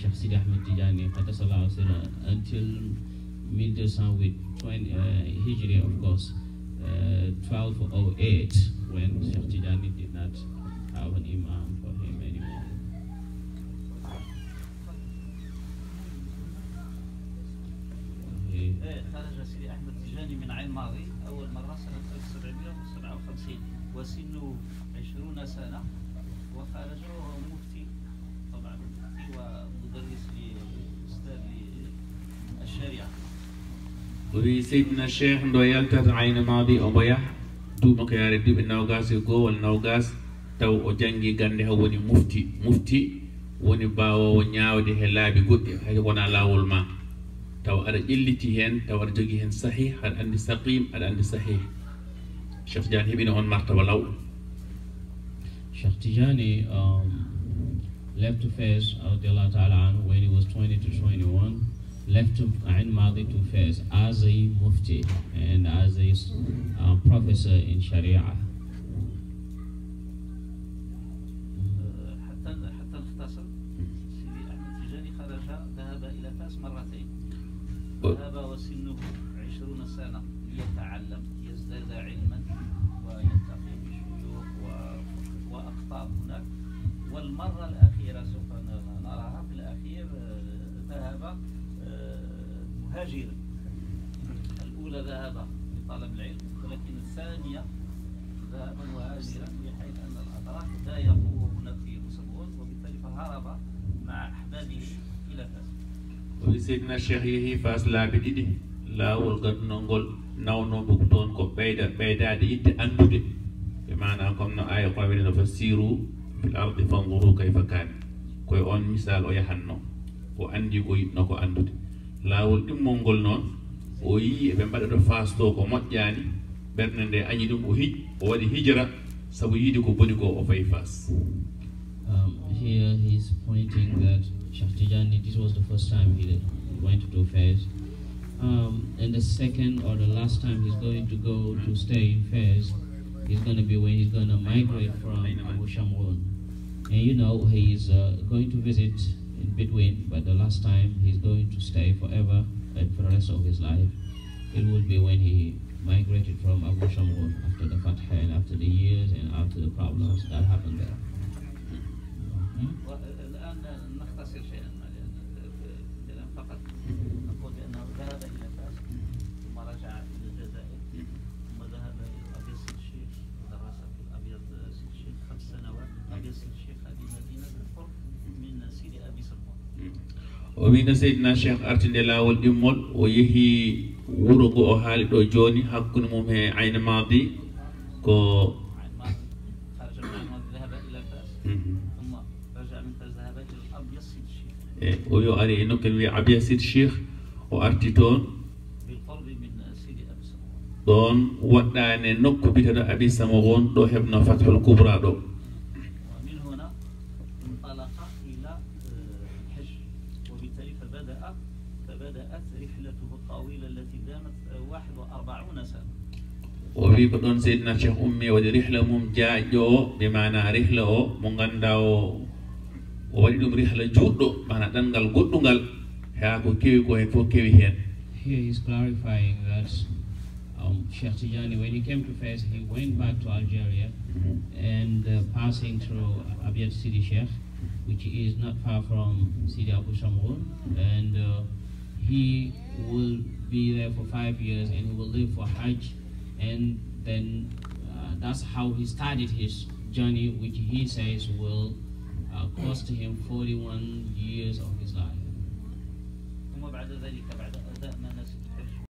Cheikh Sidi Ahmed Tijani Qaddasallahu sirra until 1208 20, uh, Hijri of course uh, 1208 when Sheikh Tijani did not have an imam for him anymore. Okay. خرج سيدي أحمد تجاني من عين ماضي أول مرة سنة 1757 وسنه 20 سنة وخرج وهو مفتي طبعا مفتي و مدرس لاستاذ للشريعه وسيدنا الشيخ ndo yaltata ayno maadi omo yaha tuubakayaare duɓi nawgas e goo walla nawgas taw o janngi gannde mufti mufti woni mbaawowo ñaawde he laabi goɗɗi hay wona laawol ma taw aɗa ƴelliti heen taw aɗa jogii heen sahih aɗa anndi saqim aɗa anndi sahih cheikh tidiane heɓino on martaba law cheikh tidiane um, left Fez radiallahu ta'ala anhu when he was 20 to 21, left Ain Madi to Fez as a mufti and as a uh, professor in Sharia. ذهب وسنه عشرون سنة ليتعلم يزداد علما ويلتقي بالشيوخ وأقطاب هناك والمرة الأخيرة سوف نراها في الأخير ذهب مهاجرا الأولى ذهب لطلب العلم ولكن الثانية ذهب مهاجرا بحيث أن الأتراك لا يقومون في مسبون وبالتالي فهرب مع أحبابه إلى فاس ولسيدنا شيخه فاس لا بديدي لا ولغت نقول nawno bugtoon ko ɓeyda ɓeydaade idde anndude ɓe maana comme no aya ko wawirino fa siiru fil ardi fanduru kayfa kaani koye on misal o yahatno o andi ko yiɗno ko andude laawol ɗimmol ngol noon o yii eɓe mbaɗa ɗo faas to ko moƴƴaani ɓernde nde añi ɗum o hij o waɗi hijra sabu yiide ko boni ko o fayi faas um, Here he is pointing that Sheikh Tijani, this was the first time he went to Fez. Um, and the second or the last time he's going to go to stay in Fez, is going to be when he's going to migrate from Abu Shamroon. And you know, he's uh, going to visit in between, but the last time he's going to stay forever and for the rest of his life, it will be when he migrated from Abu Shamroon after the Fatah and after the years and after the problems that happened there. Mm -hmm. min seydina cheikh artinde laawol ɗimmol o yehi wuro ngo o haali ɗo jooni hakkunde mum e ayne madi ko e o yo ari e nokkel wiye abyasid cheikh o arti toon ɗon waɗɗaane nokku biteɗo abi samagon ɗo heɓno fathul coubra ɗo الشرع فبدأت رحلته الطويلة التي دامت 41 سنة وفي بدون سيدنا الشيخ أمي ودي رحلة ممجاجو بمعنى رحلة مغنداو وودي دم رحلة جودو معنى دنغال قدنغال هاكو كيوي كوهي فو كيوي هين Here he's clarifying that um, Sheikh Tijani, when he came to Fez, he went back to Algeria mm -hmm. passing through Abiyat Sidi Sheikh, which is not far from Sidi Abu Shamul, and uh, he will be there for five years and he will live for Hajj, and then uh, that's how he started his journey, which he says will uh, cost him 41 years of his life.